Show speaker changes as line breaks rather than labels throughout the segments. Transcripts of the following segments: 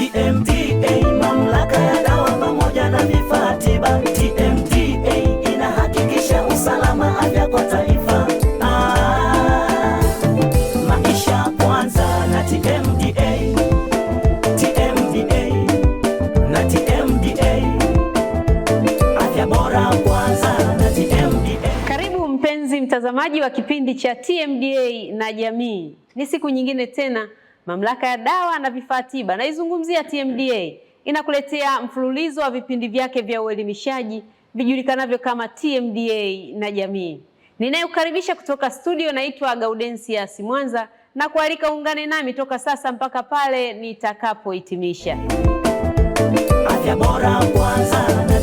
TMDA, mamlaka ya dawa pamoja na vifaa tiba. TMDA inahakikisha usalama, afya kwa taifa. Ah, maisha kwanza na TMDA, TMDA na TMDA, afya bora kwanza na TMDA.
Karibu mpenzi mtazamaji wa kipindi cha TMDA na jamii, ni siku nyingine tena Mamlaka ya Dawa na Vifaa Tiba naizungumzia TMDA, inakuletea mfululizo wa vipindi vyake vya uelimishaji vijulikanavyo kama TMDA na Jamii. Ninayokaribisha kutoka studio naitwa Gaudensia Simwanza na kualika ungane nami toka sasa mpaka pale nitakapohitimisha.
Afya Bora kwanza na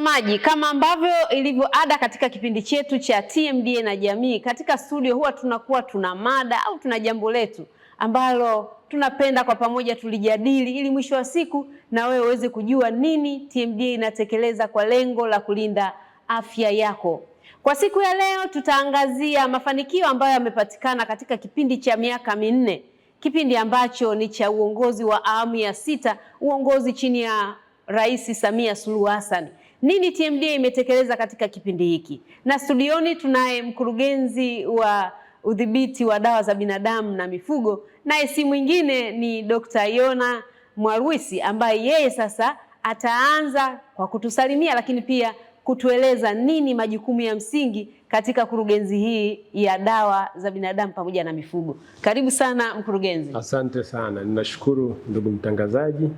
Mtazamaji, kama ambavyo ilivyo ada katika kipindi chetu cha TMDA na jamii, katika studio huwa tunakuwa tuna mada au tuna jambo letu ambalo tunapenda kwa pamoja tulijadili, ili mwisho wa siku na wewe uweze kujua nini TMDA inatekeleza kwa lengo la kulinda afya yako. Kwa siku ya leo tutaangazia mafanikio ambayo yamepatikana katika kipindi cha miaka minne, kipindi ambacho ni cha uongozi wa awamu ya sita, uongozi chini ya Rais Samia Suluhu Hassan nini TMDA imetekeleza katika kipindi hiki, na studioni tunaye mkurugenzi wa udhibiti wa dawa za binadamu na mifugo, naye si mwingine ni Dr. Yona Mwarwisi ambaye yeye sasa ataanza kwa kutusalimia, lakini pia kutueleza nini majukumu ya msingi katika kurugenzi hii ya dawa za binadamu pamoja na mifugo. Karibu sana mkurugenzi.
Asante sana, ninashukuru ndugu mtangazaji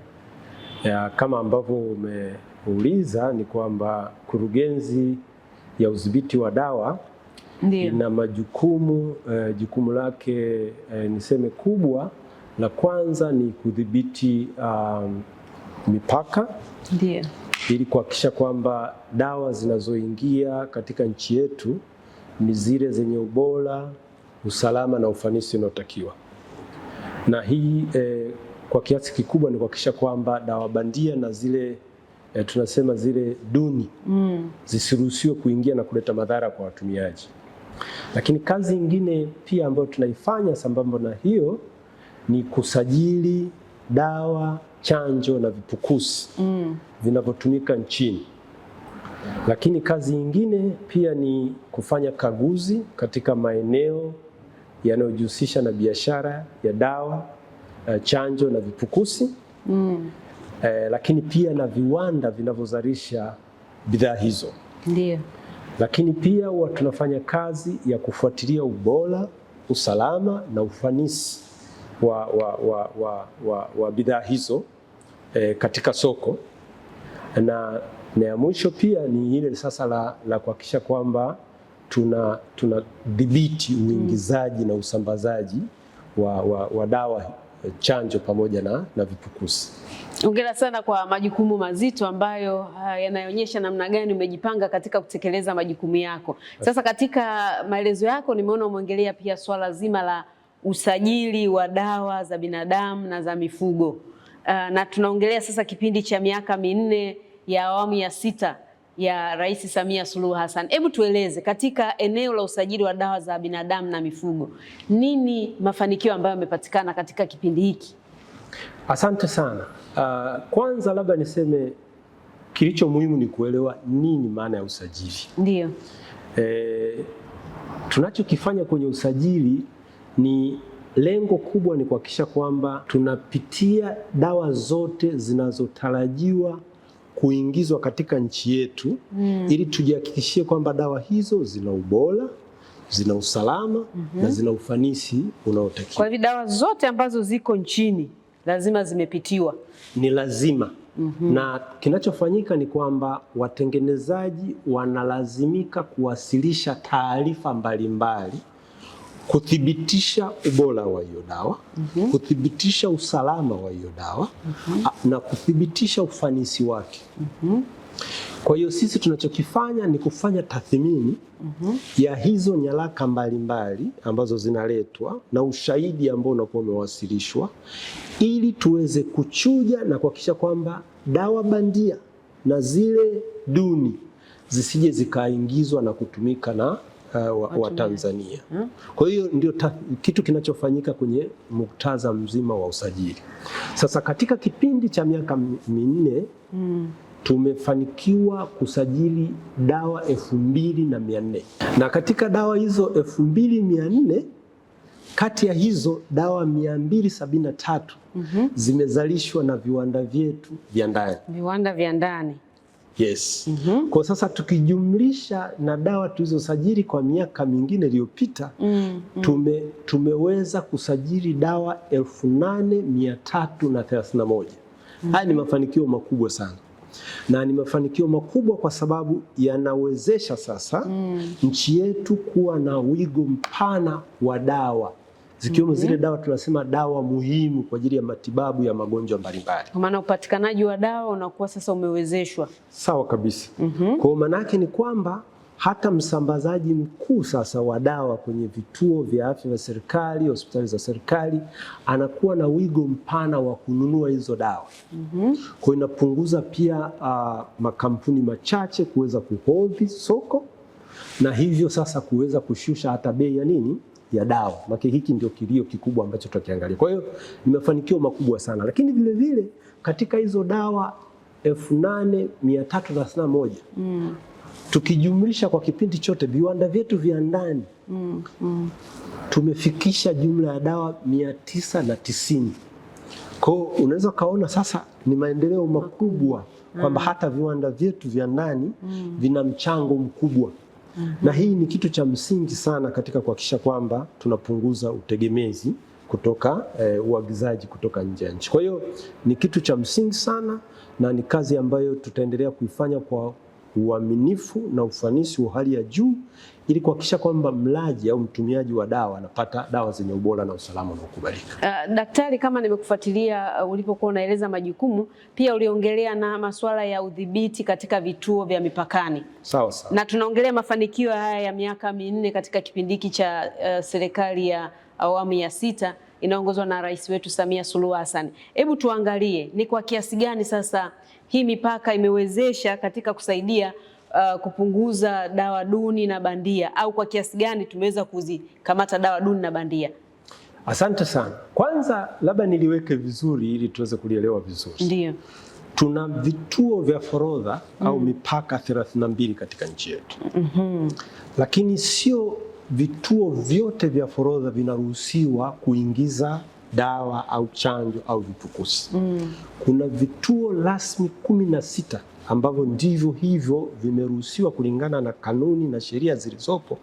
ya, kama ambavyo ume kuuliza ni kwamba kurugenzi ya udhibiti wa dawa Ndiyo. ina majukumu eh, jukumu lake eh, niseme kubwa la kwanza ni kudhibiti um, mipaka ndio, ili kuhakikisha kwamba dawa zinazoingia katika nchi yetu ni zile zenye ubora, usalama na ufanisi unaotakiwa. Na hii eh, kwa kiasi kikubwa ni kuhakikisha kwamba dawa bandia na zile e, tunasema zile duni mm. zisiruhusiwe kuingia na kuleta madhara kwa watumiaji. Lakini kazi nyingine pia ambayo tunaifanya sambamba na hiyo ni kusajili dawa, chanjo na vipukusi mm. vinavyotumika nchini. Lakini kazi nyingine pia ni kufanya kaguzi katika maeneo yanayojihusisha na biashara ya dawa, eh, chanjo na vipukusi mm eh, lakini pia na viwanda vinavyozalisha bidhaa hizo. Ndiyo. Lakini pia huwa tunafanya kazi ya kufuatilia ubora, usalama na ufanisi wa, wa, wa, wa, wa, wa bidhaa hizo eh, katika soko na, na ya mwisho pia ni ile sasa la, la kuhakikisha kwamba tuna tunadhibiti uingizaji mm. na usambazaji wa, wa, wa dawa chanjo pamoja na, na vipukusi.
Hongera sana kwa majukumu mazito ambayo ah, yanayoonyesha namna gani umejipanga katika kutekeleza majukumu yako. Sasa katika maelezo yako nimeona umeongelea pia swala zima la usajili wa dawa za binadamu na za mifugo. Uh, na tunaongelea sasa kipindi cha miaka minne ya awamu ya sita ya Rais Samia Suluhu Hassan. Hebu tueleze katika eneo la usajili wa dawa za binadamu na mifugo, nini mafanikio ambayo yamepatikana katika kipindi hiki?
Asante sana. Uh, kwanza labda niseme kilicho muhimu ni kuelewa nini maana ya usajili. Ndio. Eh, tunachokifanya kwenye usajili ni lengo kubwa ni kuhakikisha kwamba tunapitia dawa zote zinazotarajiwa kuingizwa katika nchi yetu mm. ili tujihakikishie kwamba dawa hizo zina ubora zina usalama mm -hmm. na zina ufanisi unaotakiwa.
Kwa hivyo dawa zote ambazo ziko nchini lazima zimepitiwa,
ni lazima mm -hmm. na kinachofanyika ni kwamba watengenezaji wanalazimika kuwasilisha taarifa mbalimbali kuthibitisha ubora wa hiyo dawa mm -hmm. kuthibitisha usalama wa hiyo dawa mm -hmm. na kuthibitisha ufanisi wake mm -hmm. Kwa hiyo sisi tunachokifanya ni kufanya tathmini mm -hmm. ya hizo nyaraka mbalimbali ambazo zinaletwa na ushahidi ambao unakuwa umewasilishwa ili tuweze kuchuja na kuhakikisha kwamba dawa bandia na zile duni zisije zikaingizwa na kutumika na uh, wa Tanzania hmm. Kwa hiyo ndio kitu kinachofanyika kwenye muktadha mzima wa usajili. Sasa katika kipindi cha miaka minne hmm. tumefanikiwa kusajili dawa elfu mbili na mia nne na katika dawa hizo elfu mbili mia nne kati ya hizo dawa 273 tatu mm -hmm. zimezalishwa na viwanda vyetu vya ndani,
viwanda vya ndani.
Yes. Mm -hmm. Kwa sasa tukijumlisha na dawa tulizosajili kwa miaka mingine iliyopita mm -hmm. tume, tumeweza kusajili dawa elfu nane mia tatu na thelathini na moja. mm -hmm. Haya ni mafanikio makubwa sana na ni mafanikio makubwa kwa sababu yanawezesha sasa mm. nchi yetu kuwa na wigo mpana wa dawa zikiwemo mm -hmm. zile mhm. dawa tunasema dawa muhimu kwa ajili ya matibabu ya magonjwa mbalimbali.
Kwa maana upatikanaji wa dawa unakuwa sasa umewezeshwa.
Sawa kabisa. mm -hmm. Kwa maana yake ni kwamba hata msambazaji mkuu sasa wa dawa kwenye vituo vya afya vya serikali, hospitali za serikali, anakuwa na wigo mpana wa kununua hizo dawa mm -hmm. Kwa inapunguza pia uh, makampuni machache kuweza kuhodhi soko na hivyo sasa kuweza kushusha hata bei ya nini ya dawa. Maana hiki ndio kilio kikubwa ambacho tutakiangalia. Kwa hiyo ni mafanikio makubwa sana, lakini vile vile katika hizo dawa elfu nane mia tatu thelathini na moja mm. tukijumlisha kwa kipindi chote viwanda vyetu vya ndani mm. mm. tumefikisha jumla ya dawa mia tisa na tisini kwa unaweza ukaona sasa ni maendeleo makubwa mm. kwamba hata viwanda vyetu vya ndani mm. vina mchango mkubwa na hii ni kitu cha msingi sana katika kuhakikisha kwamba tunapunguza utegemezi kutoka eh, uagizaji kutoka nje ya nchi. Kwa hiyo ni kitu cha msingi sana na ni kazi ambayo tutaendelea kuifanya kwa uaminifu na ufanisi wa hali ya juu ili kuhakikisha kwamba mlaji au mtumiaji wa dawa anapata dawa zenye ubora na usalama unaokubalika.
Uh, daktari, kama nimekufuatilia uh, ulipokuwa unaeleza majukumu, pia uliongelea na masuala ya udhibiti katika vituo vya mipakani. Sawa sawa. Na tunaongelea mafanikio haya ya miaka minne katika kipindi hiki cha uh, serikali ya awamu ya sita inaongozwa na Rais wetu Samia Suluhu Hassan. Hebu tuangalie ni kwa kiasi gani sasa hii mipaka imewezesha katika kusaidia uh, kupunguza dawa duni na bandia au kwa kiasi gani tumeweza kuzikamata dawa duni na bandia?
Asante sana. Kwanza labda niliweke vizuri ili tuweze kulielewa vizuri. Ndiyo. Tuna vituo vya forodha mm. au mipaka 32 katika nchi yetu mm -hmm. Lakini sio vituo vyote vya forodha vinaruhusiwa kuingiza dawa au chanjo au vitukusi mm. Kuna vituo rasmi kumi na sita ambavyo ndivyo hivyo vimeruhusiwa kulingana na kanuni na sheria zilizopo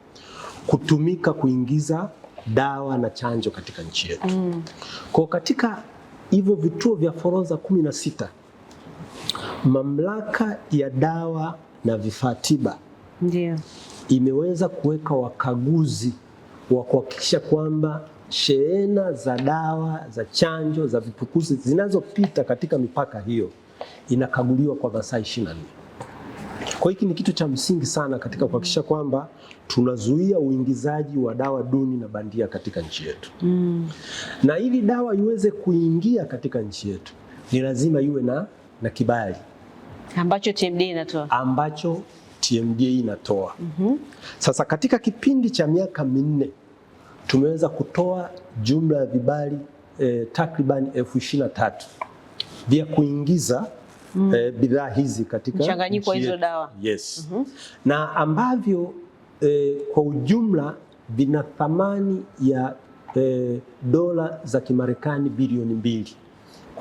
kutumika kuingiza dawa na chanjo katika nchi yetu mm. Kwa katika hivyo vituo vya forodha kumi na sita mamlaka ya dawa na vifaa tiba ndio imeweza kuweka wakaguzi wa kuhakikisha kwamba shehena za dawa za chanjo za vitukuzi zinazopita katika mipaka hiyo inakaguliwa kwa masaa 24. Kwa hiki ni kitu cha msingi sana katika kuhakikisha kwamba tunazuia uingizaji wa dawa duni na bandia katika nchi yetu. Mm. Na ili dawa iweze kuingia katika nchi yetu ni lazima iwe na, na kibali
ambacho TMDA inatoa,
ambacho TMDA inatoa. Mm -hmm. Sasa katika kipindi cha miaka minne tumeweza kutoa jumla ya vibali eh, takriban elfu ishirini na tatu vya kuingiza mm. eh, bidhaa hizi katika
mchanganyiko hizo dawa
yes. mm -hmm. na ambavyo eh, kwa ujumla vina thamani ya eh, dola za Kimarekani bilioni mbili.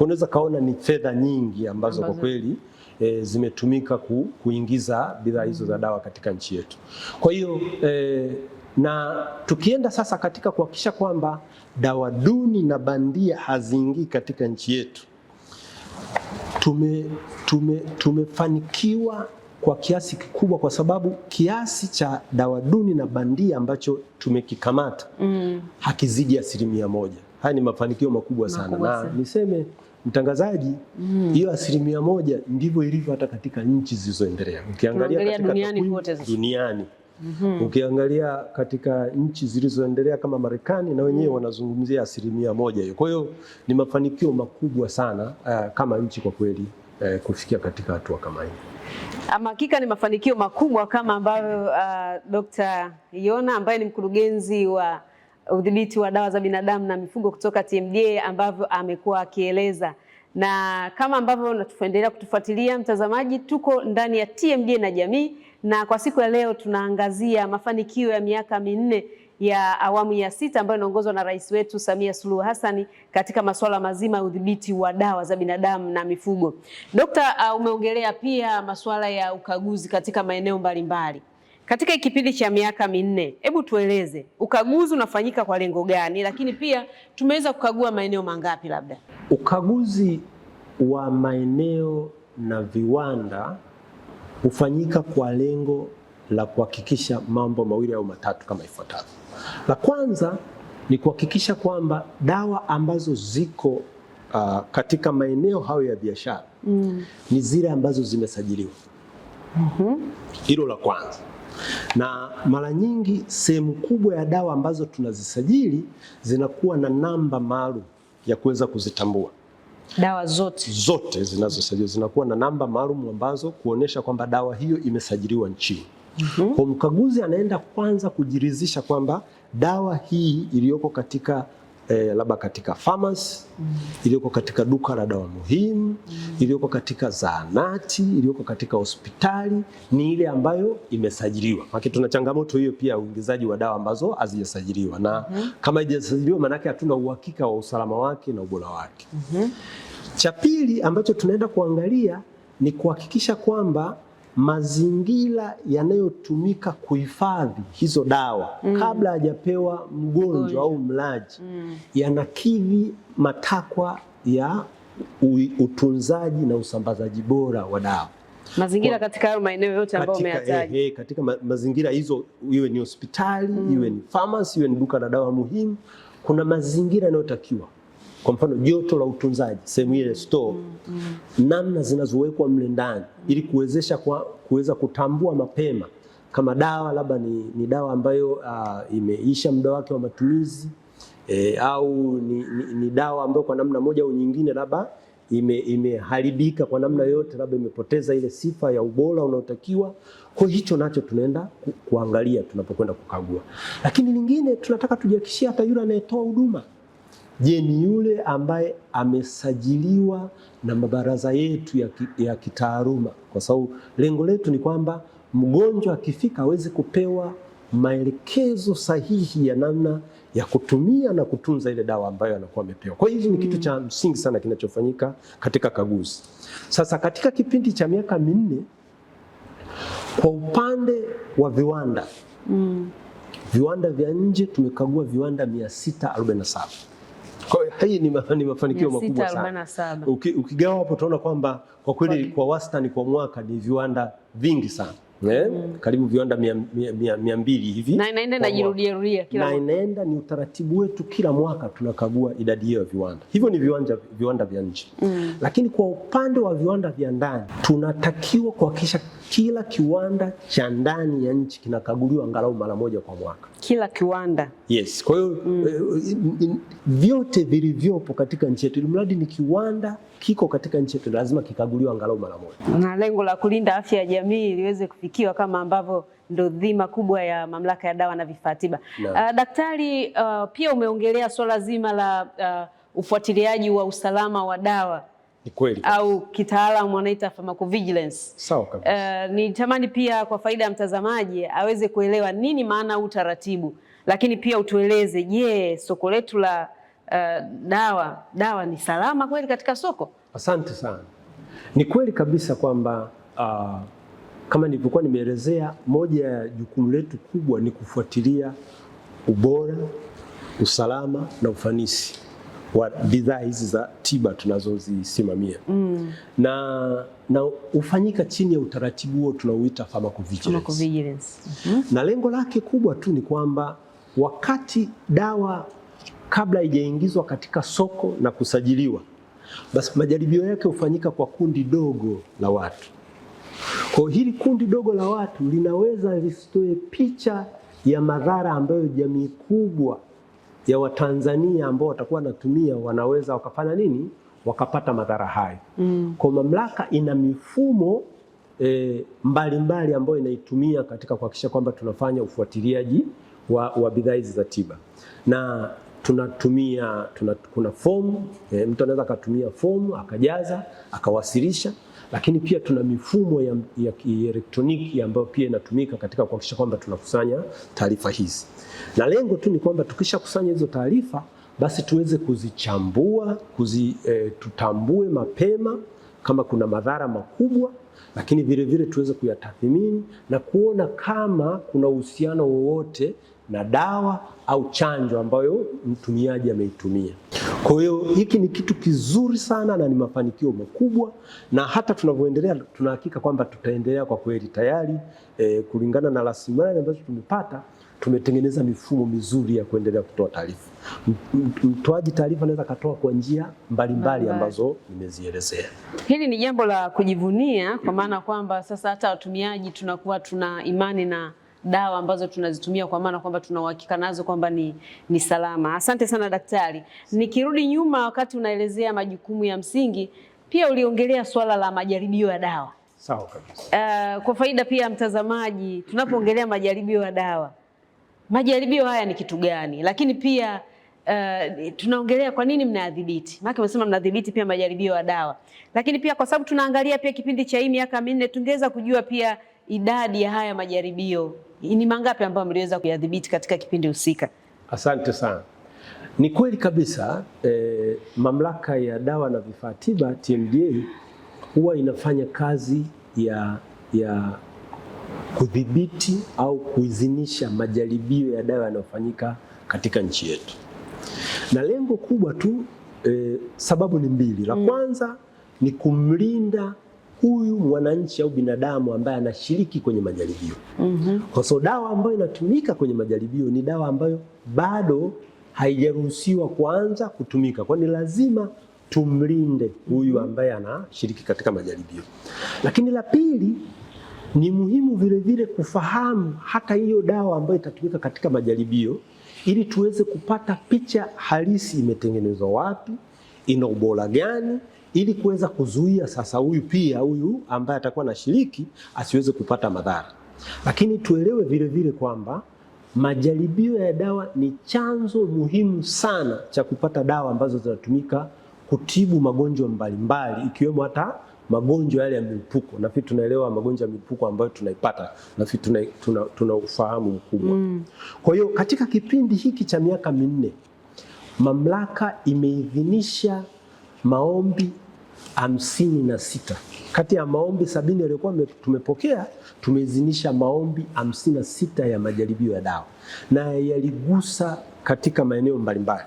Unaweza kaona ni fedha nyingi ambazo, ambazo. kwa kweli E, zimetumika ku, kuingiza bidhaa hizo za mm. dawa katika nchi yetu. Kwa hiyo e, na tukienda sasa katika kuhakikisha kwamba dawa duni na bandia haziingii katika nchi yetu, tume, tume, tumefanikiwa kwa kiasi kikubwa, kwa sababu kiasi cha dawa duni na bandia ambacho tumekikamata mm. hakizidi asilimia moja. Haya ni mafanikio makubwa sana, makubwa Na niseme mtangazaji, mm. hiyo mm. asilimia moja ndivyo ilivyo hata katika nchi zilizoendelea,
ukiangalia katika duniani,
duniani mm -hmm. Ukiangalia katika nchi zilizoendelea kama Marekani na wenyewe mhm. wanazungumzia asilimia moja hiyo. Kwa hiyo ni mafanikio makubwa sana uh, kama nchi kwa kweli uh, kufikia katika hatua kama hii.
Ama hakika ni mafanikio makubwa kama ambayo uh, ah, Dr. Yona ambaye ni mkurugenzi wa udhibiti wa dawa za binadamu na mifugo kutoka TMDA ambavyo amekuwa akieleza na kama ambavyo natuendelea kutufuatilia mtazamaji, tuko ndani ya TMDA na jamii na kwa siku ya leo tunaangazia mafanikio ya miaka minne ya awamu ya sita ambayo inaongozwa na rais wetu Samia Suluhu Hassan katika masuala mazima ya udhibiti wa dawa za binadamu na mifugo. Dokta, uh, umeongelea pia masuala ya ukaguzi katika maeneo mbalimbali katika kipindi cha miaka minne. Hebu tueleze ukaguzi unafanyika kwa lengo gani, lakini pia tumeweza kukagua maeneo mangapi? Labda
ukaguzi wa maeneo na viwanda hufanyika kwa lengo la kuhakikisha mambo mawili au matatu kama ifuatavyo. La kwanza ni kuhakikisha kwamba dawa ambazo ziko uh, katika maeneo hayo ya biashara mm. ni zile ambazo zimesajiliwa. mm hilo -hmm. la kwanza na mara nyingi sehemu kubwa ya dawa ambazo tunazisajili zinakuwa na namba maalum ya kuweza kuzitambua
dawa zote
zote zinazosajiliwa zinakuwa na namba maalum ambazo kuonyesha kwamba dawa hiyo imesajiliwa nchini. Mm -hmm. Kwa mkaguzi anaenda kwanza kujiridhisha kwamba dawa hii iliyoko katika eh, labda katika famasi mm. iliyoko katika duka la dawa muhimu mm. iliyoko katika zahanati, iliyoko katika hospitali ni ile ambayo imesajiliwa. Maana tuna changamoto hiyo pia uingizaji wa dawa ambazo hazijasajiliwa na mm -hmm. kama haijasajiliwa maana yake hatuna uhakika wa usalama wake na ubora wake. mm -hmm. Cha pili ambacho tunaenda kuangalia ni kuhakikisha kwamba mazingira yanayotumika kuhifadhi hizo dawa mm. kabla hajapewa mgonjwa au mlaji mm. yanakidhi matakwa ya utunzaji na usambazaji bora wa dawa
mazingira kwa, katika hayo maeneo yote ambayo umeyataja he, he,
katika ma, mazingira hizo, iwe ni hospitali mm. iwe ni pharmacy, iwe ni duka la dawa muhimu, kuna mazingira yanayotakiwa kwa mfano joto la utunzaji sehemu ile store mm, mm. namna zinazowekwa mle ndani ili kuwezesha kwa kuweza kutambua mapema kama dawa labda ni, ni dawa ambayo uh, imeisha muda wake wa matumizi e, au ni, ni, ni dawa ambayo kwa namna moja au nyingine labda imeharibika ime kwa namna yote labda imepoteza ile sifa ya ubora unaotakiwa. Kwa hicho nacho tunaenda ku, kuangalia tunapokwenda kukagua, lakini lingine tunataka tujihakikishie hata yule anayetoa huduma Je, ni yule ambaye amesajiliwa na mabaraza yetu ya, ki, ya kitaaluma, kwa sababu lengo letu ni kwamba mgonjwa akifika aweze kupewa maelekezo sahihi ya namna ya kutumia na kutunza ile dawa ambayo anakuwa amepewa. Kwa hiyo ni kitu cha mm. msingi sana kinachofanyika katika kaguzi. Sasa katika kipindi cha miaka minne kwa upande wa viwanda mm. viwanda vya nje tumekagua viwanda 647 kwa hiyo hii ni, ni mafanikio makubwa sana. Uki, ukigawa hapo utaona kwamba kwa kweli kwa wastani kwa mwaka ni viwanda vingi sana yeah? mm. Eh? Karibu viwanda mia, mia, mia, mia mbili hivi
na inaenda najirudia rudia
kila na inaenda ni utaratibu wetu, kila mwaka tunakagua idadi hiyo ya viwanda hivyo, ni viwanja, viwanda vya nje mm. Lakini kwa upande wa viwanda vya ndani tunatakiwa kuhakikisha kila kiwanda cha ndani ya nchi kinakaguliwa angalau mara moja kwa mwaka
kila kiwanda.
Yes, kwa hiyo mm. Eh, eh, vyote vilivyopo katika nchi yetu, ilimradi mradi ni kiwanda kiko katika nchi yetu, lazima kikaguliwa angalau mara moja,
na lengo la kulinda afya ya jamii liweze kufikiwa kama ambavyo ndo dhima kubwa ya Mamlaka ya Dawa na Vifaa Tiba. Uh, daktari, uh, pia umeongelea swala zima la uh, ufuatiliaji wa usalama wa dawa ni kweli. Au kitaalamu wanaita pharmacovigilance.
Sawa kabisa.
Uh, nitamani pia kwa faida ya mtazamaji aweze kuelewa nini maana utaratibu, lakini pia utueleze, je, soko letu la uh, dawa dawa ni salama kweli katika soko?
Asante sana. Ni kweli kabisa kwamba uh, kama nilivyokuwa nimeelezea, moja ya jukumu letu kubwa ni kufuatilia ubora, usalama na ufanisi wa bidhaa hizi za tiba tunazozisimamia mm. na, na hufanyika chini ya utaratibu huo tunaoita pharmacovigilance. Pharmacovigilance. Mm -hmm. Na lengo lake kubwa tu ni kwamba wakati dawa kabla haijaingizwa katika soko na kusajiliwa, basi majaribio yake hufanyika kwa kundi dogo la watu. Kwa hili kundi dogo la watu linaweza lisitoe picha ya madhara ambayo jamii kubwa ya Watanzania ambao watakuwa wanatumia wanaweza wakafanya nini, wakapata madhara hayo mm. Kwa mamlaka ina mifumo e, mbalimbali ambayo inaitumia katika kuhakikisha kwamba tunafanya ufuatiliaji wa, wa bidhaa hizi za tiba na tunatumia tuna, kuna fomu e, eh, mtu anaweza akatumia fomu akajaza akawasilisha, lakini pia tuna mifumo ya, ya kielektroniki ambayo pia inatumika katika kuhakikisha kwamba tunakusanya taarifa hizi na lengo tu ni kwamba tukishakusanya hizo taarifa basi tuweze kuzichambua kuzi, e, tutambue mapema kama kuna madhara makubwa, lakini vile vile tuweze kuyatathmini na kuona kama kuna uhusiano wowote na dawa au chanjo ambayo mtumiaji ameitumia. Kwa hiyo hiki ni kitu kizuri sana na ni mafanikio makubwa, na hata tunavyoendelea tunahakika kwamba tutaendelea kwa kweli tayari, e, kulingana na rasilimali ambazo tumepata tumetengeneza mifumo mizuri ya kuendelea kutoa taarifa. Mtoaji taarifa anaweza akatoa kwa njia mbalimbali ambazo nimezielezea.
Hili ni jambo la kujivunia, kwa maana kwamba sasa hata watumiaji tunakuwa tuna imani na dawa ambazo tunazitumia kwa maana kwamba tuna uhakika nazo kwamba ni, ni salama. Asante sana daktari. Nikirudi nyuma, wakati unaelezea majukumu ya msingi, pia uliongelea swala la majaribio ya dawa.
Sawa kabisa.
Uh, kwa faida pia mtazamaji, tunapoongelea majaribio ya dawa majaribio haya ni kitu gani, lakini pia Uh, tunaongelea kwa nini mnayadhibiti, maana umesema mnadhibiti pia majaribio ya dawa, lakini pia kwa sababu tunaangalia pia kipindi cha hii miaka minne, tungeweza kujua pia idadi ya haya majaribio ni mangapi ambayo mliweza kuyadhibiti katika kipindi husika.
Asante sana. Ni kweli kabisa eh, mamlaka ya dawa na vifaa tiba TMDA huwa inafanya kazi ya, ya kudhibiti au kuidhinisha majaribio ya dawa yanayofanyika katika nchi yetu, na lengo kubwa tu eh, sababu ni mbili. La mm. kwanza ni kumlinda huyu mwananchi au binadamu ambaye anashiriki kwenye majaribio mm -hmm. Kwa sababu dawa ambayo inatumika kwenye majaribio ni dawa ambayo bado haijaruhusiwa kuanza kutumika, ni lazima tumlinde huyu mhm. ambaye anashiriki katika majaribio. Lakini la pili ni muhimu vile vile kufahamu hata hiyo dawa ambayo itatumika katika majaribio ili tuweze kupata picha halisi, imetengenezwa wapi, ina ubora gani, ili kuweza kuzuia sasa huyu pia huyu ambaye atakuwa na shiriki asiweze kupata madhara. Lakini tuelewe vile vile kwamba majaribio ya dawa ni chanzo muhimu sana cha kupata dawa ambazo zinatumika kutibu magonjwa mbalimbali ikiwemo hata magonjwa yale ya milipuko. Nafikiri tunaelewa magonjwa ya milipuko ambayo tunaipata, nafikiri tuna, tuna, tuna ufahamu mkubwa mm. Kwa hiyo katika kipindi hiki cha miaka minne mamlaka imeidhinisha maombi hamsini na sita kati ya maombi sabini yaliyokuwa tumepokea, tumeidhinisha maombi hamsini na sita ya majaribio ya dawa na yaligusa katika maeneo mbalimbali.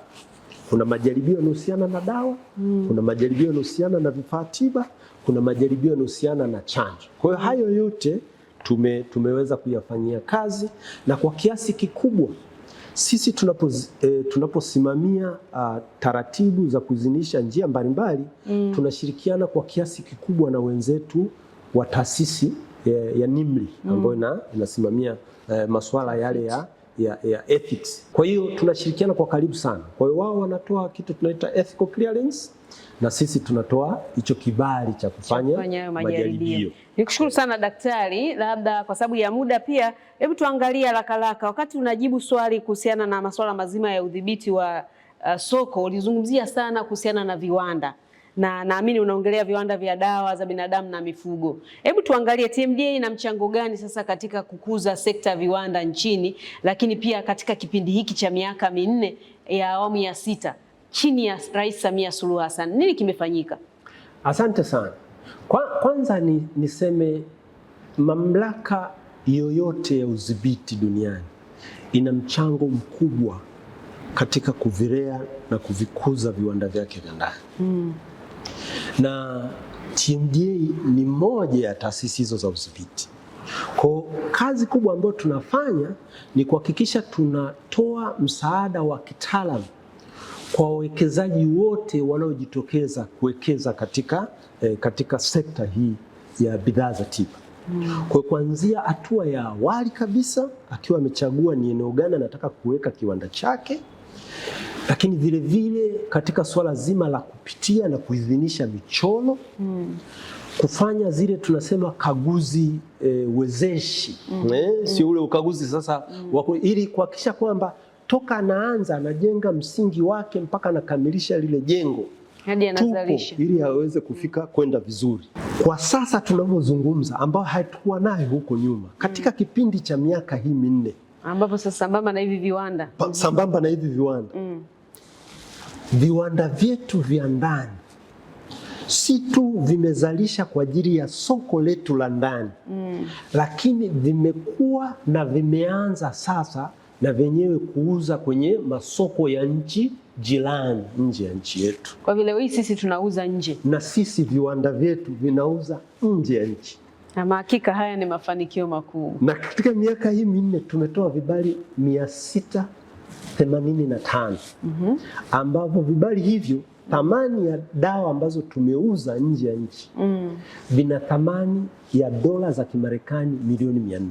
Kuna majaribio yanohusiana na dawa mm. Kuna majaribio yanahusiana na vifaa tiba, kuna majaribio yanahusiana na chanjo. Kwa hiyo hayo yote tume, tumeweza kuyafanyia kazi na kwa kiasi kikubwa sisi tunapo, eh, tunaposimamia ah, taratibu za kuzinisha njia mbalimbali mm. tunashirikiana kwa kiasi kikubwa na wenzetu wa taasisi eh, ya, ya NIMR mm. ambayo inasimamia eh, masuala yale ya ya, ya ethics. Kwa hiyo tunashirikiana kwa karibu sana. Kwa hiyo wao wanatoa kitu tunaita ethical clearance na sisi tunatoa hicho kibali cha kufanya majaribio.
Nikushukuru sana daktari, labda kwa sababu ya muda pia, hebu tuangalie haraka haraka, wakati unajibu swali kuhusiana na masuala mazima ya udhibiti wa uh, soko ulizungumzia sana kuhusiana na viwanda na naamini unaongelea viwanda vya dawa za binadamu na mifugo. Hebu tuangalie TMDA ina mchango gani sasa katika kukuza sekta ya viwanda nchini, lakini pia katika kipindi hiki cha miaka minne ya awamu ya sita chini ya Rais Samia Suluhu Hassan, nini kimefanyika?
Asante sana. Kwa, kwanza ni, niseme mamlaka yoyote ya udhibiti duniani ina mchango mkubwa katika kuvilea na kuvikuza viwanda vyake vya ndani mm na TMDA ni moja ya taasisi hizo za udhibiti. Kwa kazi kubwa ambayo tunafanya ni kuhakikisha tunatoa msaada wa kitaalamu kwa wawekezaji wote wanaojitokeza kuwekeza katika, eh, katika sekta hii ya bidhaa za tiba. Kwa kuanzia hatua ya awali kabisa, akiwa amechagua ni eneo gani anataka kuweka kiwanda chake, lakini vile vile katika swala zima la kupitia na kuidhinisha michoro mm. kufanya zile tunasema kaguzi e, wezeshi mm. eh, si ule ukaguzi sasa mm. ili kuhakikisha kwamba toka anaanza anajenga msingi wake mpaka anakamilisha lile jengo
hadi anazalisha
ili aweze kufika kwenda vizuri. Kwa sasa tunavyozungumza, ambayo hatukuwa nayo huko nyuma, katika mm. kipindi cha miaka hii minne
ambapo sasa sambamba na hivi viwanda
pa, sambamba na hivi viwanda mm. viwanda vyetu vya ndani si tu vimezalisha kwa ajili ya soko letu la ndani mm. lakini vimekuwa na vimeanza sasa na vyenyewe kuuza kwenye masoko ya nchi jirani, nje ya nchi yetu.
Kwa vile hii sisi tunauza nje,
na sisi viwanda vyetu vinauza nje ya nchi.
Na hakika haya ni mafanikio makuu.
Na katika miaka hii minne tumetoa vibali 685 sita mm -hmm. ambavyo vibali hivyo thamani ya dawa ambazo tumeuza nje ya nchi mm. vina thamani ya dola za Kimarekani milioni 400.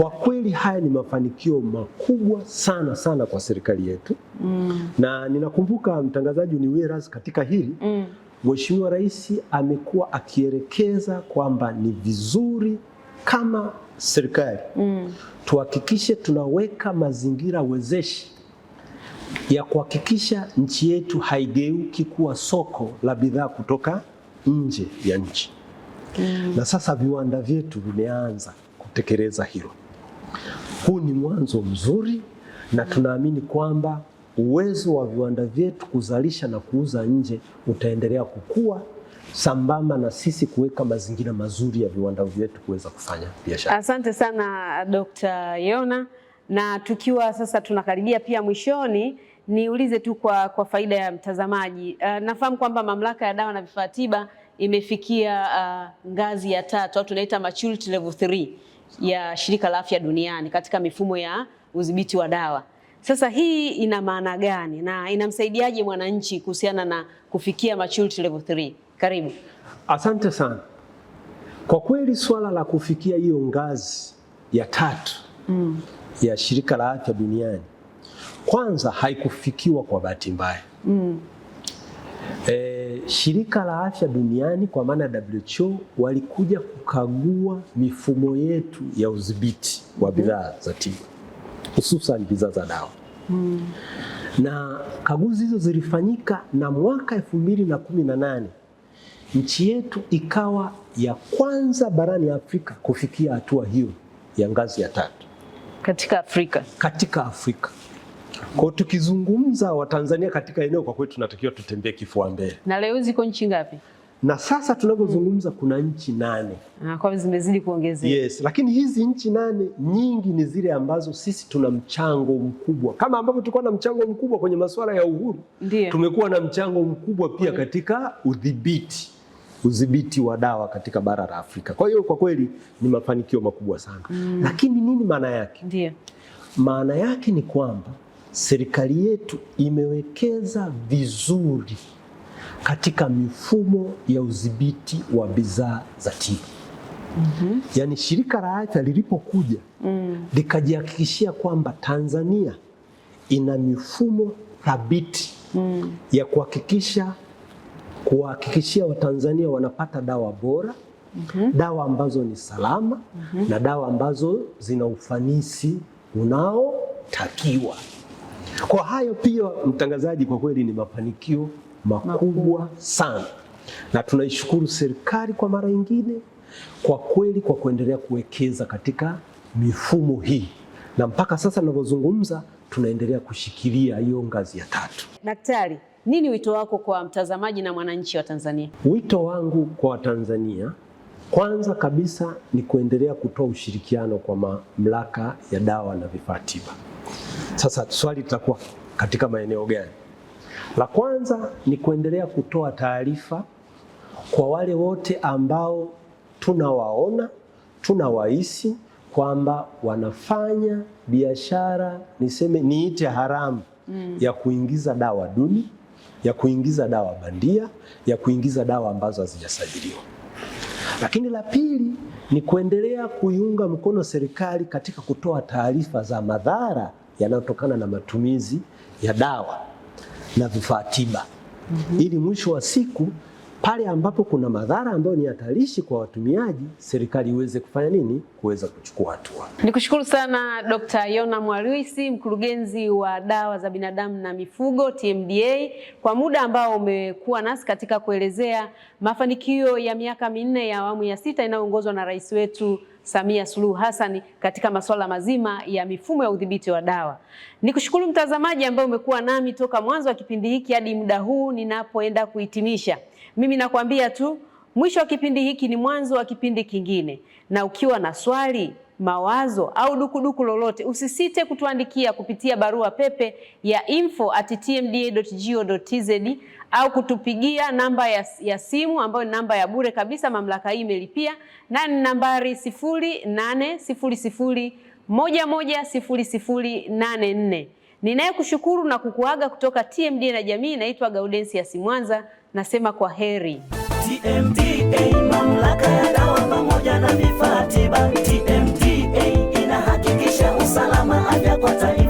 Kwa kweli haya ni mafanikio makubwa sana sana kwa serikali yetu mm. na ninakumbuka mtangazaji, uniwie radhi katika hili mm. Mheshimiwa Rais amekuwa akielekeza kwamba ni vizuri kama serikali mm. tuhakikishe tunaweka mazingira wezeshi ya kuhakikisha nchi yetu haigeuki kuwa soko la bidhaa kutoka nje ya nchi mm. na sasa viwanda vyetu vimeanza kutekeleza hilo. Huu ni mwanzo mzuri na tunaamini kwamba uwezo wa viwanda vyetu kuzalisha na kuuza nje utaendelea kukua sambamba na sisi kuweka mazingira mazuri ya viwanda vyetu kuweza kufanya biashara.
Asante sana Dr. Yona, na tukiwa sasa tunakaribia pia mwishoni, niulize tu kwa, kwa faida ya mtazamaji uh, nafahamu kwamba Mamlaka ya Dawa na Vifaa Tiba imefikia uh, ngazi ya tatu au tunaita maturity level 3 ya Shirika la Afya Duniani katika mifumo ya udhibiti wa dawa sasa hii ina maana gani na inamsaidiaje mwananchi kuhusiana na kufikia maturity level 3? Karibu.
Asante sana. Kwa kweli swala la kufikia hiyo ngazi ya tatu mm. ya shirika la afya duniani kwanza haikufikiwa kwa bahati mbaya mm. E, shirika la afya duniani kwa maana WHO walikuja kukagua mifumo yetu ya udhibiti wa bidhaa mm. za tiba hususan bidhaa za dawa mm. na kaguzi hizo zilifanyika na mwaka elfu mbili na kumi na nane nchi yetu ikawa ya kwanza barani Afrika kufikia hatua hiyo ya ngazi ya tatu
katika Afrika,
katika Afrika. Kwa tukizungumza Watanzania katika eneo, kwa kweli tunatakiwa tutembee kifua mbele.
Na leo ziko nchi ngapi?
na sasa tunavyozungumza mm. kuna nchi nane
kwa zimezidi kuongezeka.
Yes, lakini hizi nchi nane nyingi ni zile ambazo sisi tuna mchango mkubwa, kama ambavyo tulikuwa na mchango mkubwa kwenye masuala ya uhuru, tumekuwa na mchango mkubwa pia mm. katika udhibiti udhibiti wa dawa katika bara la Afrika. Kwa hiyo kwa kweli ni mafanikio makubwa sana mm. lakini nini maana yake? Ndiyo. Maana yake ni kwamba serikali yetu imewekeza vizuri katika mifumo ya udhibiti wa bidhaa za tiba. Mm -hmm. Yaani shirika la afya lilipokuja mm. likajihakikishia kwamba Tanzania ina mifumo thabiti mm. ya kuhakikisha kuwahakikishia Watanzania wanapata dawa bora mm -hmm. dawa ambazo ni salama mm -hmm. na dawa ambazo zina ufanisi unaotakiwa. Kwa hayo pia, mtangazaji, kwa kweli ni mafanikio makubwa sana, na tunaishukuru serikali kwa mara nyingine kwa kweli kwa kuendelea kuwekeza katika mifumo hii, na mpaka sasa ninavyozungumza tunaendelea kushikilia hiyo ngazi ya tatu.
Daktari, nini wito wako kwa mtazamaji na mwananchi wa Tanzania?
Wito wangu kwa Watanzania kwanza kabisa ni kuendelea kutoa ushirikiano kwa mamlaka ya dawa na vifaa tiba. Sasa swali litakuwa katika maeneo gani? La kwanza ni kuendelea kutoa taarifa kwa wale wote ambao tunawaona tunawahisi kwamba wanafanya biashara niseme niite haramu mm. ya kuingiza dawa duni, ya kuingiza dawa bandia, ya kuingiza dawa ambazo hazijasajiliwa. Lakini la pili ni kuendelea kuiunga mkono serikali katika kutoa taarifa za madhara yanayotokana na matumizi ya dawa na vifaa tiba mm -hmm. ili mwisho wa siku pale ambapo kuna madhara ambayo ni hatarishi kwa watumiaji, serikali iweze kufanya nini? Kuweza kuchukua hatua.
Nikushukuru sana Dr. Yona Mwaluisi, mkurugenzi wa dawa za binadamu na mifugo TMDA, kwa muda ambao umekuwa nasi katika kuelezea mafanikio ya miaka minne ya awamu ya sita inayoongozwa na rais wetu Samia Suluhu Hassan katika masuala mazima ya mifumo ya udhibiti wa dawa. Nikushukuru mtazamaji ambaye umekuwa nami toka mwanzo wa kipindi hiki hadi muda huu ninapoenda kuhitimisha. Mimi nakwambia tu mwisho wa kipindi hiki ni mwanzo wa kipindi kingine, na ukiwa na swali mawazo au dukuduku lolote, usisite kutuandikia kupitia barua pepe ya info at tmda.go.tz au kutupigia namba ya, ya simu ambayo ni namba ya bure kabisa, mamlaka hii imelipia na ni nambari 0800110084. Ninayekushukuru na kukuaga kutoka TMD na jamii naitwa Gaudensi ya Simwanza, nasema kwa heri. TMDA, mamlaka ya dawa pamoja na vifaa tiba. TMDA hajapata